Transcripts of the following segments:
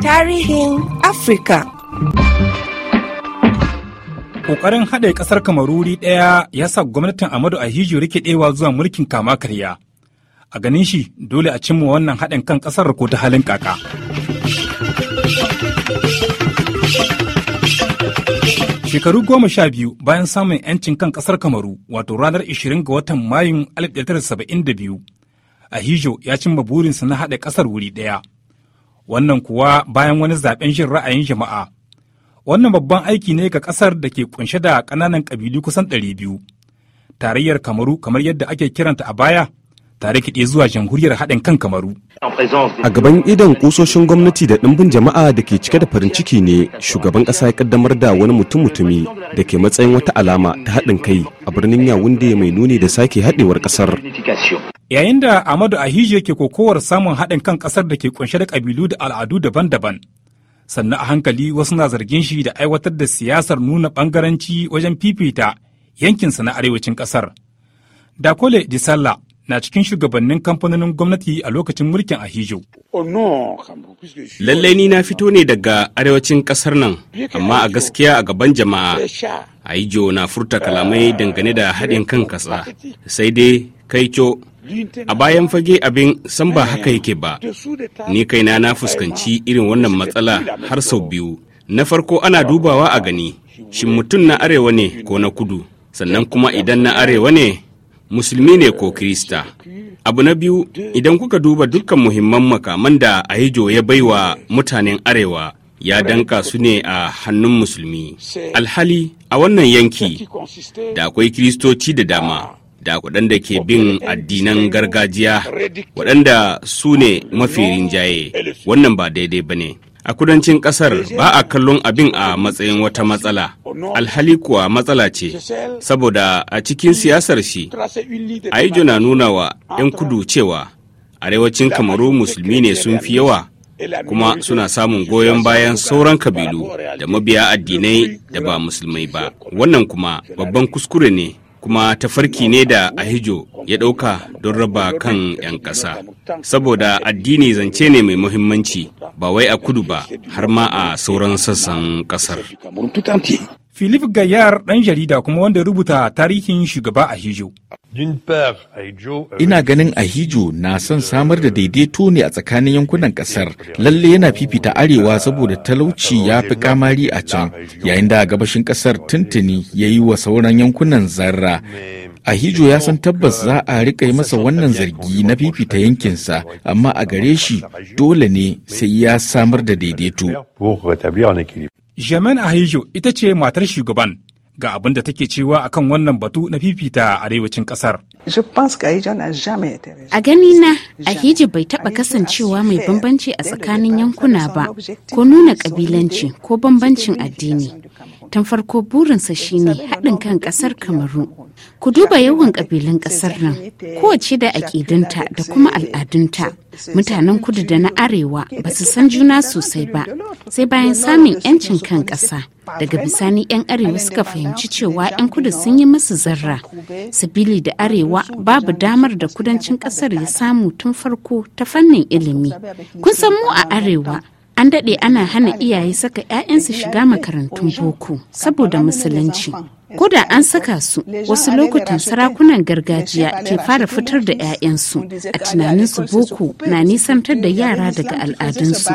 Tarihin Afirka Ƙoƙarin haɗe ƙasar Kamaruri ɗaya ya sa gwamnatin Amadu Ahijo rikidewa zuwa mulkin kama karya. A ganin shi dole a cimma wannan haɗin kan ƙasar ko ta halin kaka. Shekaru goma sha biyu bayan samun 'yancin kan ƙasar Kamaru wato ranar 20 ga watan Mayun 1972 Ahijo ya cimma burinsa na haɗa ƙasar wuri ɗaya. Wannan kuwa bayan wani zaɓen jin ra'ayin jama'a. Wannan babban aiki ne ga ƙasar da ke kunshe da ƙananan ƙabilu kusan ɗari biyu. Tarayyar Kamaru kamar yadda ake kiranta a baya ta rikide zuwa jamhuriyar haɗin kan kamaru a gaban idon kusoshin gwamnati da ɗimbin jama'a da ke cike da farin ciki ne shugaban ƙasa ya kaddamar da wani mutum mutumi da ke matsayin wata alama ta haɗin kai a birnin yawunde mai nuni da sake haɗewar ƙasar yayin da amadu hiji ke kokowar samun haɗin kan ƙasar da ke kunshe da ƙabilu da al'adu daban-daban sannan a hankali wasu na zargin shi da aiwatar da siyasar nuna bangaranci wajen fifita yankinsa na arewacin ƙasar. Dakole Disalla na cikin shugabannin kamfanonin gwamnati a lokacin mulkin Ahijo. Oh, Lallai ni na fito ne daga arewacin kasar nan, amma a gaskiya a gaban jama'a. Ahijo na furta kalamai dangane da haɗin kan kasa, sai dai kai a bayan fage abin san ba haka yake ba. Ni kaina na fuskanci irin wannan matsala har sau biyu. Na farko ana dubawa a gani, shin mutum na arewa ne ko na kudu, sannan kuma idan na arewa ne musulmi ne ko kirista abu na biyu idan kuka duba dukkan muhimman makaman da ahijo ya baiwa mutanen arewa ya danka su ne a hannun musulmi alhali a wannan yanki da akwai kiristoci da dama da waɗanda ke bin addinan gargajiya waɗanda su ne mafi rinjaye wannan ba daidai ba ne A kudancin kasar ba a kallon abin a matsayin wata matsala, alhali kuwa matsala ce, saboda a cikin siyasar shi, yi na nuna wa 'yan kudu cewa arewacin kamaru musulmi ne sun fi yawa kuma suna samun goyon bayan sauran kabilu da mabiya addinai da ba musulmai ba. Wannan kuma babban kuskure ne kuma tafarki ne da ahijo ya ɗauka don raba kan 'yan ƙasa saboda addini zance ne mai muhimmanci ba wai a kudu ba har ma a sauran sassan ƙasar Philip Gayyar ɗan jarida kuma wanda rubuta tarihin shugaba a hijo. Ina ganin Ahijo na son samar da daidaito ne a tsakanin yankunan kasar. Lalle yana fifita arewa saboda talauci ya fi kamari a can, yayin da gabashin kasar tuntuni ya yi wa sauran yankunan zarra. Ahijo ya san tabbas za a rika yi masa wannan zargi na fifita yankinsa, amma a gare shi dole ne sai ya samar da daidaito. Jamen Ahijo ita ce matar shugaban ga abin da take cewa akan wannan batu na fifita arewacin kasar. A gani na Ahiji bai taɓa kasancewa mai bambanci a tsakanin yankuna ba ko nuna ƙabilanci ko bambancin addini. tun farko burinsa shine haɗin kan ƙasar kamaru ku duba yawan ƙabilun ƙasar nan kowace da aƙidunta da kuma al'adunta mutanen kudu da na arewa ba su san juna sosai ba sai bayan samun 'yancin kan ƙasa daga bisani 'yan arewa suka fahimci cewa 'yan kudu sun yi musu zarra sabili da arewa babu damar da kudancin ƙasar ya samu tun farko ta fannin ilimi kun san mu a arewa an daɗe ana hana iyaye saka 'ya'yansu shiga makarantun boko saboda musulunci ko da an saka su wasu lokutan sarakunan gargajiya ke fara fitar da 'ya'yansu a tunaninsu boko na nisantar da yara daga al'adunsu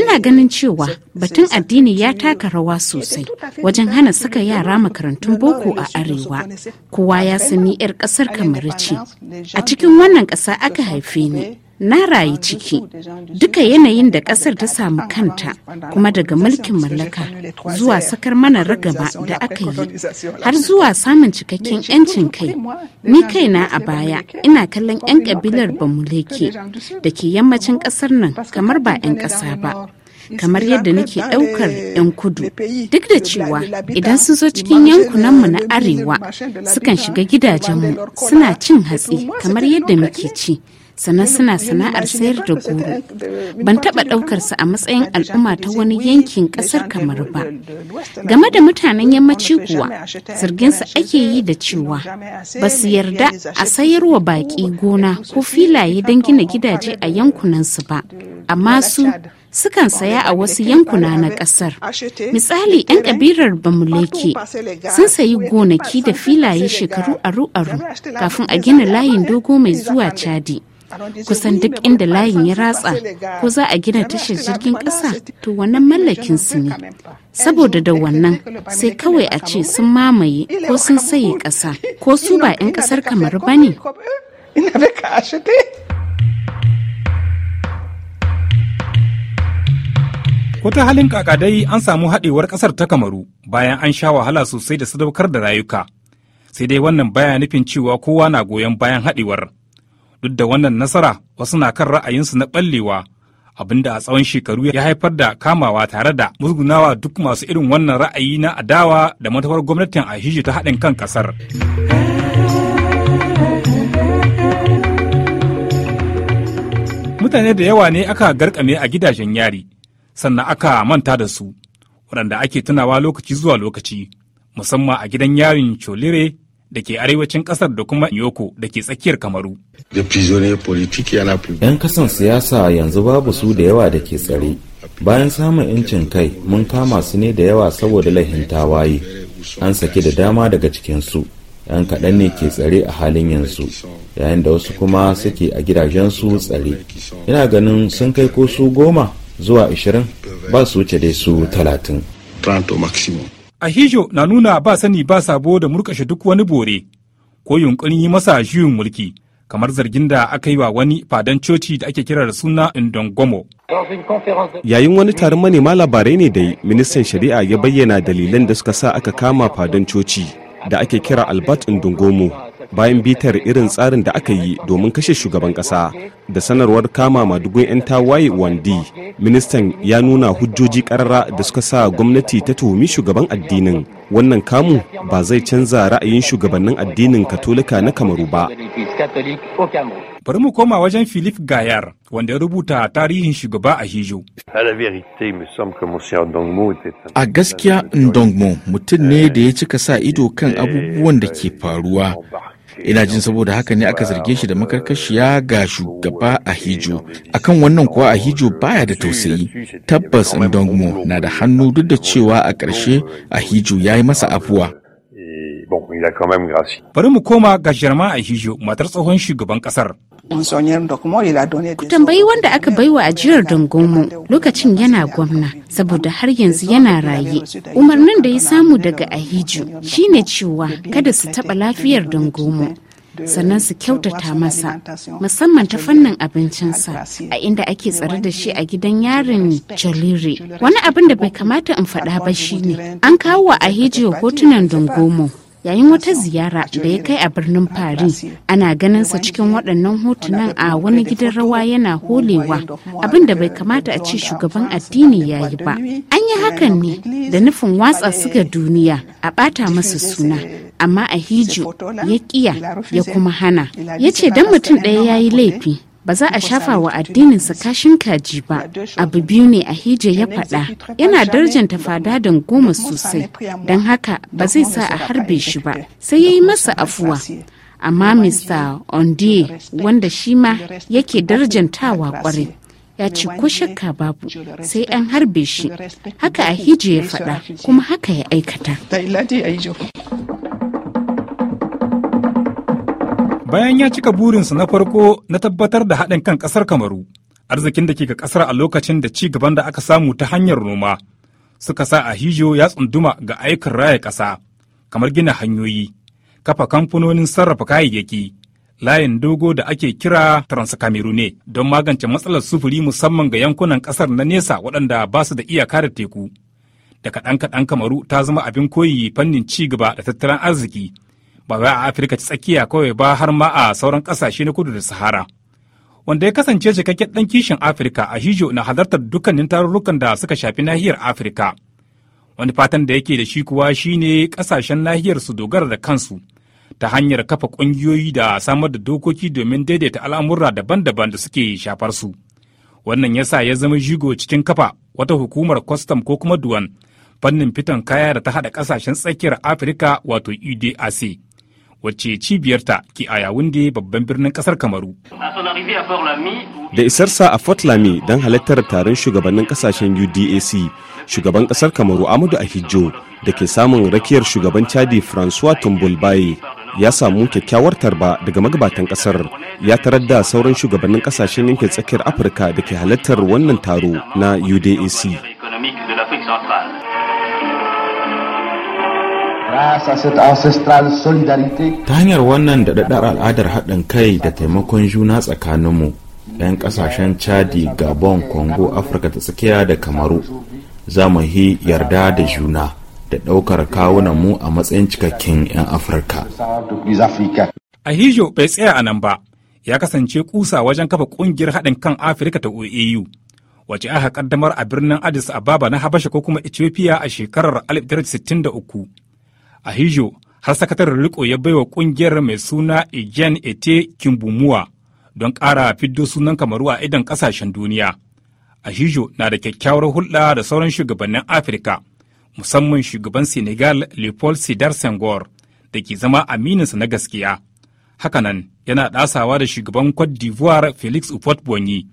ina ganin cewa batun addini ya taka rawa sosai wajen hana saka yara makarantun boko a arewa kowa ya sani 'yar kasar kamar ce a cikin wannan ƙasa aka haife ni na rayu ciki duka yanayin da kasar ta samu kanta kuma daga mulkin mallaka zuwa sakar mana ragaba da aka yi har zuwa samun cikakken 'yancin kai ni kaina a baya ina kallon 'yan kabilar bamuleke da ke yammacin kasar nan kamar ba 'yan kasa ba kamar yadda nake ɗaukar 'yan kudu duk da cewa idan sun zo cikin yankunanmu na arewa sukan shiga gidajenmu suna cin hatsi kamar yadda muke ci sannan suna sana'ar sayar da goro ban taɓa ɗaukar su a matsayin al'umma ta wani yankin ƙasar kamar ba game da mutanen yammaci kuwa zarginsu ake yi da cewa ba su yarda a sayar wa baƙi gona ko filaye don gina gidaje a yankunansu ba amma su sukan saya a wasu yankuna na ƙasar misali 'yan ƙabilar bamuleke sun sayi gonaki da filaye shekaru aru-aru kafin a gina layin dogo mai zuwa chadi kusan duk inda layin ya ratsa ko za a gina tashar jirgin ƙasa to wannan mallakin su ne saboda da wannan sai kawai a ce sun mamaye ko sun saye ƙasa ko su ba 'yan ƙasar kamar ba ne Ko halin kakadai an samu haɗewar ƙasar ta kamaru bayan an sha wahala sosai da sadaukar da rayuka. Sai dai wannan baya nufin cewa kowa na goyon bayan haɗewar. duk da wannan nasara wasu na kan ra'ayinsu na ɓallewa abinda a tsawon shekaru ya haifar da kamawa tare da musgunawa duk masu irin wannan ra'ayi na adawa da matafar gwamnatin a ahiji ta haɗin kan ƙasar. mutane da yawa ne aka garkame a gidajen yari sannan aka manta da su waɗanda ake tunawa lokaci zuwa lokaci musamman a gidan yarin cholere. da ke arewacin kasar da kuma Nyoko da ke tsakiyar Kamaru. ‘Yan kasan siyasa yanzu babu su da yawa da ke tsare. Bayan samun 'yancin kai mun kama su ne da yawa saboda lahin tawaye. An sake da dama daga cikinsu. ‘Yan kaɗan ne ke tsare a halin yanzu, yayin da wasu kuma suke a gidajensu tsare. Ina ganin sun kai ko su goma zuwa ashirin ba su wuce dai su talatin. maximum. Ahijo na nuna ba sani ba sabo da murƙashe duk wani bore ko yunƙurin yi masa juyin mulki kamar zargin da aka yi wa wani fadan coci da ake kira da suna Ndongomo. Yayin wani taron manema labarai ne dai ministan shari'a ya bayyana dalilan da suka sa aka kama fadan coci da ake kira Albert Ndongomo bayan bitar irin tsarin da aka yi domin kashe shugaban kasa da sanarwar kama madugun 'yan tawaye wandi ministan ya nuna hujjoji karara da suka sa gwamnati ta tuhumi shugaban addinin wannan kamu ba zai canza ra'ayin shugabannin addinin katolika na kamaru ba bari mu koma wajen philip gayar wanda ya rubuta tarihin shugaba a hijo a gaskiya ndongmo mutum ne eh, da ya cika sa ido kan eh, abubuwan da ke eh, faruwa ina jin saboda haka ne aka zarge shi da makarkashiya ga shugaba a hijo akan wannan kuwa a hijo baya da tausayi tabbas ndongmo na da hannu duk da cewa a ƙarshe a hijo ya yi masa afuwa bari mu koma ga sharma a hijo matar tsohon shugaban ƙasar Ku tambayi wanda aka baiwa ajiyar Dungumu lokacin yana gwamna saboda har yanzu yana raye. Umarnin da ya samu daga Ahiju shine cewa kada su taɓa lafiyar Dungumu. sannan su kyautata masa musamman ta fannin abincinsa a inda ake tsare da shi a gidan yarin jaliri wani abin da bai kamata in faɗa ba shine an kawo wa ahiji hotunan dungomo yayin wata ziyara da ya kai a birnin paris ana ganinsa cikin waɗannan hotunan a wani gidan rawa yana holewa abin da bai kamata a ce shugaban addini ya yi ba an yi hakan ne da nufin watsa su ga duniya a ɓata masa suna amma a hiju ya ƙiya ya kuma hana ya ce don mutum ɗaya ya yi laifi ba za a shafa wa addinin sa kashin kaji ba abu biyu ne a hije ya faɗa yana darjanta fadadan goma sosai don haka ba zai sa a harbe shi ba sai ya yi masa afuwa amma mr ondie wanda shi ma yake darjantawa kwarai ya ce ko shakka babu sai an harbe shi haka a hije ya faɗa kuma haka ya aikata bayan ya cika burinsa na farko na tabbatar da haɗin kan ƙasar kamaru arzikin da ke ga ƙasar a lokacin da ci gaban da aka samu ta hanyar noma suka sa a hijo ya tsunduma ga aikin raya ƙasa kamar gina hanyoyi kafa kamfanonin sarrafa kayayyaki layin dogo da ake kira ne don magance matsalar sufuri musamman ga yankunan ƙasar na nesa waɗanda ba su da iyaka da teku da kaɗan kaɗan kamaru ta zama abin koyi fannin ci gaba da tattalin arziki ba wai a afirka ta tsakiya kawai ba har ma a sauran ƙasashe na kudu da sahara wanda ya kasance cikakken ɗan kishin afirka a hijo na halartar dukkanin tarurrukan da suka shafi nahiyar afirka wani fatan da yake da shi kuwa shine ƙasashen nahiyar su dogara da kansu ta hanyar kafa ƙungiyoyi da samar da dokoki domin daidaita al'amurra daban-daban da suke shafar su wannan ya sa ya zama jigo cikin kafa wata hukumar kwastam ko kuma duwan fannin fitan kaya da ta haɗa ƙasashen tsakiyar afirka wato edac wacce cibiyarta ke a da babban birnin kasar kamaru da isarsa a fort lami don halartar taron shugabannin kasashen udac shugaban kasar kamaru amadu ahijo da ke samun rakiyar shugaban chadi francois tumbul baye ya samu kyakkyawar tarba daga magabatan kasar ya tarar da sauran shugabannin kasashen yankin tsakiyar afirka da ke halartar wannan taro na udac ta hanyar wannan daɗaɗɗar al'adar haɗin kai da taimakon juna tsakaninmu 'yan ƙasashen chadi gabon congo afirka ta tsakiya da kamaru za mu yi yarda da juna da ɗaukar kawunan mu a matsayin cikakken 'yan afirka a hijo bai tsaya a nan ba ya kasance kusa wajen kafa ƙungiyar haɗin kan afirka ta oau wace aka kaddamar a birnin addis ababa na habasha ko kuma ethiopia a shekarar 1963 Ahijo har sakataren riko ya baiwa kungiyar mai suna Ejen Ete Kimbumuwa don ƙara fiddo sunan kamaru a idan ƙasashen duniya. Ahijo na da kyakkyawar hulɗa da sauran shugabannin Afirka, musamman shugaban Senegal Leopold Sidar Senghor da ke zama amininsa na gaskiya. Hakanan yana ɗasawa da shugaban Cote d'Ivoire Felix ufotbonyi boigny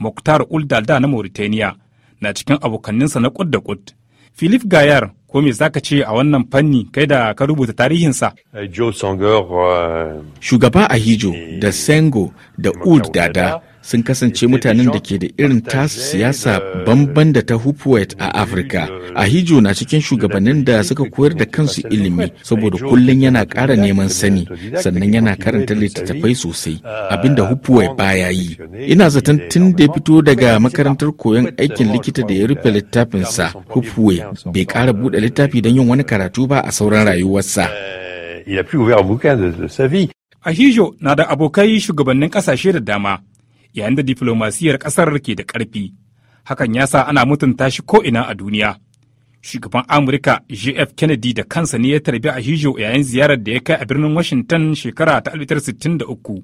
Mokhtar uldalda na mauritaniya na cikin abokanninsa na kud da kud. Philip Gayar ko me zaka ce a wannan fanni kai da ka rubuta tarihinsa? Uh, Shugaba Ahijo eh, da Sengo da Ud Dada sun kasance mutanen da ke da irin tasu siyasa bamban da ta Hupwet a Afirka. Ahijo na cikin shugabannin da suka koyar da kansu ilimi saboda kullum yana ƙara neman sani sannan yana karanta littattafai sosai ah, abinda Hupwet baya yi. Ina zaton tun da ya fito daga makarantar koyon aikin likita da ya rufe littafinsa Hupwet bai ƙara buɗe littafi don yin wani karatu ba a sauran eh, rayuwarsa. Eh, Ahijo na da abokai shugabannin ƙasashe da dama. yayin da diflomasiyar ƙasar ke da ƙarfi hakan ya sa ana mutunta shi ko'ina a duniya shugaban amurka jf kennedy da kansa ne ya tarbi a hijo yayin ziyarar da ya kai a birnin washington shekara ta 1963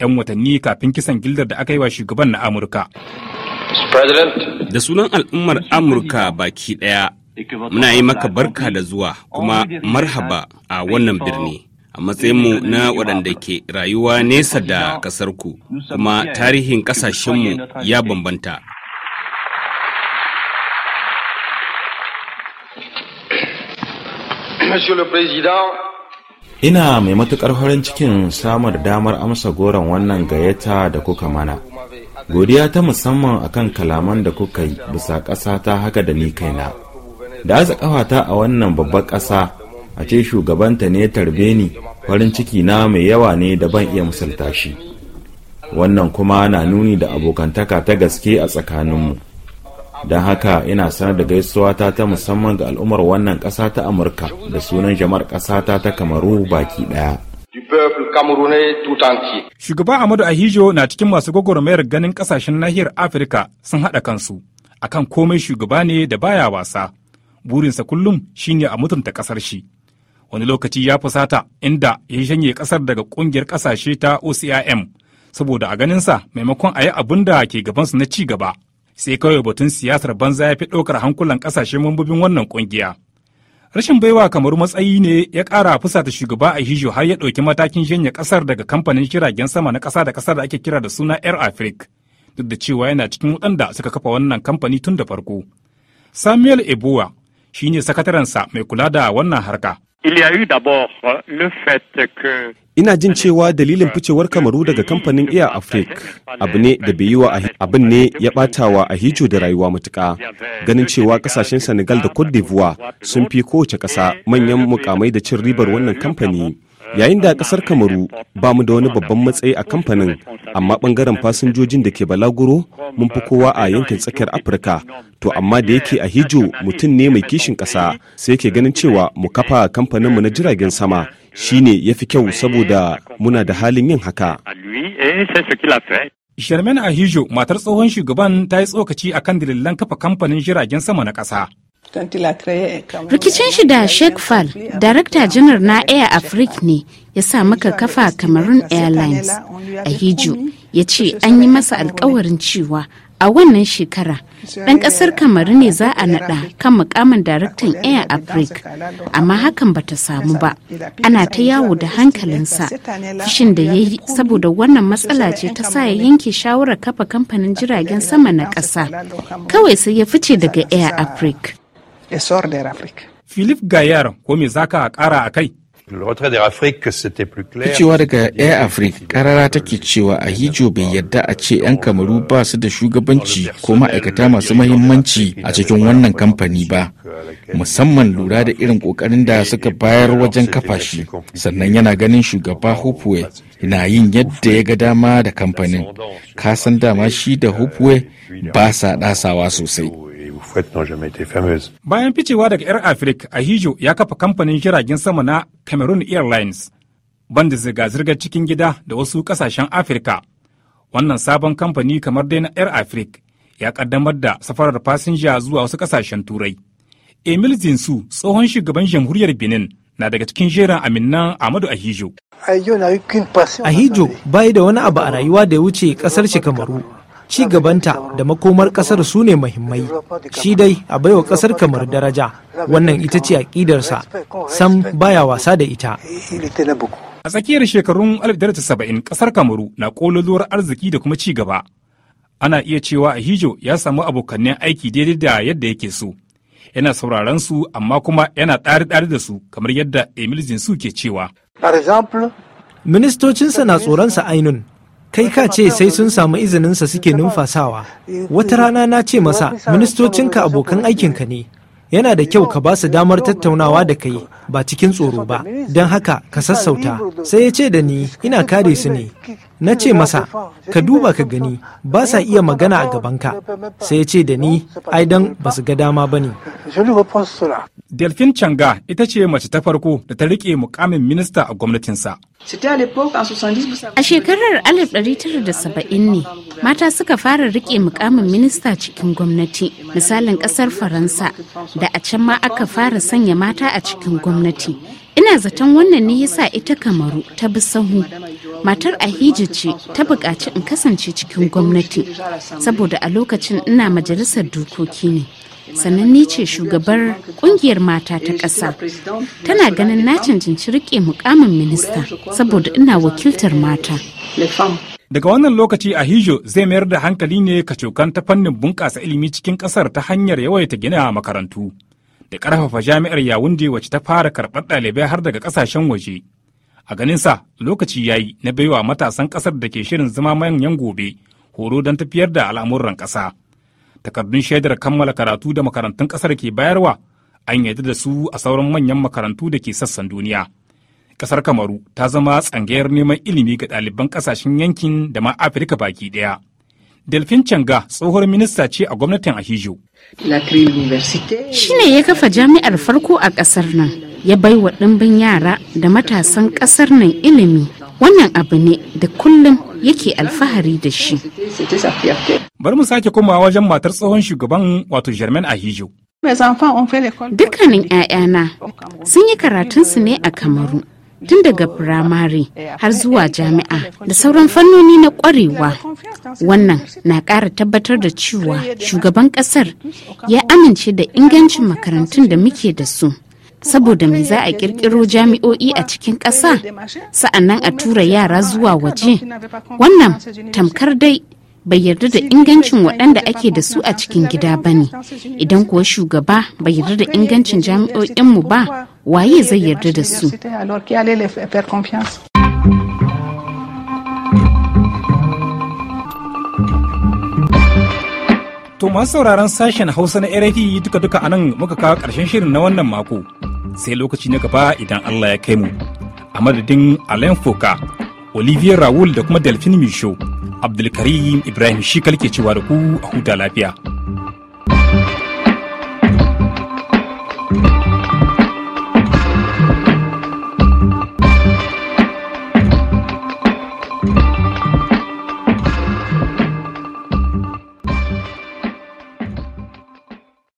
'yan watanni kafin kisan gildar da aka yi wa shugaban na amurka da sunan al'ummar amurka baki ɗaya muna yi maka barka da zuwa kuma marhaba a wannan birni a matsayinmu na waɗanda ke rayuwa nesa da ƙasarku kuma tarihin ƙasashenmu ya bambanta. Ina mai matuƙar farin cikin samun damar amsa goron wannan gayyata da kuka mana. Godiya ta musamman akan kalaman da kuka yi bisa ƙasa ta haka da ni kaina. Da aza ƙafata a wannan babbar ƙasa a ce shugabanta ne ya tarbe ni farin ciki na mai yawa ne da ban iya misalta shi wannan kuma na nuni da abokantaka ta gaske a tsakaninmu don haka ina sanar da gaisuwata ta musamman ga al'ummar wannan ƙasa ta amurka da sunan jama'ar ƙasa ta ta kamaru baki ɗaya shugaba amadu ahijo na cikin masu gwagwarmayar ganin ƙasashen nahiyar afirka sun haɗa kansu akan komai shugaba ne da baya wasa burinsa kullum shine a mutunta ƙasar shi wani lokaci ya fusata inda ya shanye kasar daga kungiyar kasashe ta ocim saboda a ganinsa maimakon a yi abin da ke gabansu na ci gaba sai kawai batun siyasar banza ya fi ɗaukar hankulan kasashe mambobin wannan kungiya rashin baiwa kamar matsayi ne ya ƙara fusata shugaba a hijo har ya ɗauki matakin shanye kasar daga kamfanin jiragen sama na ƙasa da ƙasa da ake kira da suna air africa duk da cewa yana cikin waɗanda suka kafa wannan kamfani tun da farko samuel ebowa shine sakatarensa mai kula da wannan harka Euh, Ina jin cewa dalilin ficewar kamaru daga kamfanin Air Africa abu ne da bai yi wa abin ne ya bata wa Ahijo da rayuwa matuka ganin cewa kasashen Senegal da Cote d'Ivoire sun fi kowace ƙasa manyan mukamai da cin ribar wannan kamfani yayin da kasar kamaru ba mu da wani babban matsayi a kamfanin amma bangaren fasinjojin da ke balaguro mun fi kowa a yankin tsakiyar afirka to amma da yake a hijo mutum ne mai kishin kasa sai ke ganin cewa mu kafa kamfaninmu na jiragen sama shine ya fi kyau saboda muna da halin yin haka Sherman Ahijo matar tsohon shugaban ta yi tsokaci akan dalilan kafa kamfanin jiragen sama na ƙasa. rikicin shi da sheikh fal darakta janar na air africa ne ya sa maka kafa cameroon airlines a hiju ya ce an yi masa alkawarin cewa a wannan shekara dan kasar kamaru ne za a naɗa kan mukamin daraktan air africa amma hakan bata samu ba ana ta yawo da hankalinsa fushin da ya yi saboda wannan matsala ce ta sa ya yanke shawarar kafa kamfanin jiragen sama na ƙasa kawai sai ya fice daga air africa essor de l'Afrique. Philippe Gaillard, ko me zaka kara a kai? Ficewa daga Air Africa karara take cewa a hijo bai yadda a ce 'yan kamaru ba su da shugabanci ko ma'aikata masu mahimmanci a cikin wannan kamfani ba, musamman lura da irin kokarin da suka bayar wajen kafa shi, sannan yana ganin shugaba hopewe na yin yadda ya ga dama da kamfanin, kasan dama shi da euh, hopewe ba sa ɗasawa sosai. n'ont jamais été fameuses. Bayan ficewa daga Air Africa, Ahijo ya kafa kamfanin jiragen sama na Cameroon Airlines, banda zirga-zirgar cikin gida da wasu kasashen Afirka. Wannan sabon kamfani kamar dai na Air Africa ya kaddamar da safarar fasinja zuwa wasu kasashen Turai. Emil Zinsu, tsohon shugaban jamhuriyar Benin, na daga cikin jerin aminan Amadu Ahijo. Ahijo bai da wani abu a rayuwa da ya wuce kasar shi Kamaru. ci gabanta da makomar kasar su ne muhimmai shi dai a baiwa kasar kamar daraja wannan ita ce aƙidarsa sam baya wasa da ita a tsakiyar shekarun 1970 kasar kamaru na kololuwar arziki da kuma ci gaba ana iya cewa a hijo ya samu abokannen aiki daidai da yadda yake so yana sauraron su amma kuma yana ɗari-ɗari da su kamar yadda emil zinsu ke cewa ministocinsa na tsoronsa ainun kai ka ce sai sun samu izininsa suke numfasawa wata rana na ce masa ministocinka abokan aikinka ne yana da kyau ka ba su damar tattaunawa da kai ba cikin tsoro ba don haka ka sassauta sai ya ce da ni ina kare su ne na ce masa ka duba ka gani ba sa iya magana a gabanka sai ya ce da ni ai dan ba su ga dama ba ne delphine changa ita ce mace ta farko da ta rike mukamin minista a gwamnatinsa a shekarar 1970 ne mata suka fara rike mukamin minista cikin gwamnati misalin kasar faransa da a can ma aka fara sanya mata a cikin gwamnati ina zaton wannan ne yasa ita kamaru ta bi sahu matar ahiji ce ta buƙaci in kasance cikin gwamnati saboda a lokacin ina majalisar dokoki ne. sannan ni ce shugabar kungiyar mata ta ƙasa tana ganin na cancanci riƙe mukamin minista saboda ina wakiltar mata daga wannan lokaci ahijo zai mayar da hankali ne kacokan ta fannin bunƙasa ilimi cikin ƙasar ta hanyar yawaita gina makarantu da ƙarfafa jami'ar yawunde wacce ta fara karɓar ɗalibai har daga ƙasashen waje a ganin sa lokaci ya yi na baiwa matasan kasar da ke shirin zama manyan gobe horo don tafiyar da al'amuran kasa takardun shaidar kammala karatu da makarantun kasar ke bayarwa an yadda da su a sauran manyan makarantu da ke sassan duniya kasar kamaru ta zama tsangayar neman ilimi ga ɗaliban ƙasashen yankin da ma afirka baki ɗaya delfin Changa tsohuwar minista ce a gwamnatin Ahijo. Shi ne ya kafa jami'ar farko a ƙasar nan, ya bai wa ɗimbin yara da matasan ƙasar nan ilimi wannan abu ne da kullum yake alfahari da shi. Bari mu sake komawa wajen matar tsohon shugaban wato Germain Ahijo. Dukkanin 'ya'yana sun yi karatunsu ne a Kamaru. tun daga firamare har zuwa jami'a da sauran fannoni na kwarewa wannan na ƙara tabbatar da cewa shugaban ƙasar ya amince da ingancin makarantun da muke da su saboda me za a kirkiro jami'o'i a cikin ƙasa sa'annan a tura yara zuwa waje wannan tamkar dai bai yarda da ingancin waɗanda ake da su a cikin gida ba ne idan kuwa shugaba bai yarda da ingancin jami'o'inmu ba waye zai yarda da su To masu sauraron sashen Hausa na RFI duka-duka a nan muka kawo ƙarshen shirin na wannan mako. sai lokaci na gaba idan Allah ya kai mu. A madadin Alain Foka, Olivier Raoul da kuma Delphine Michaud, Abdulkarim Ibrahim shi kalke cewa da ku a huta lafiya.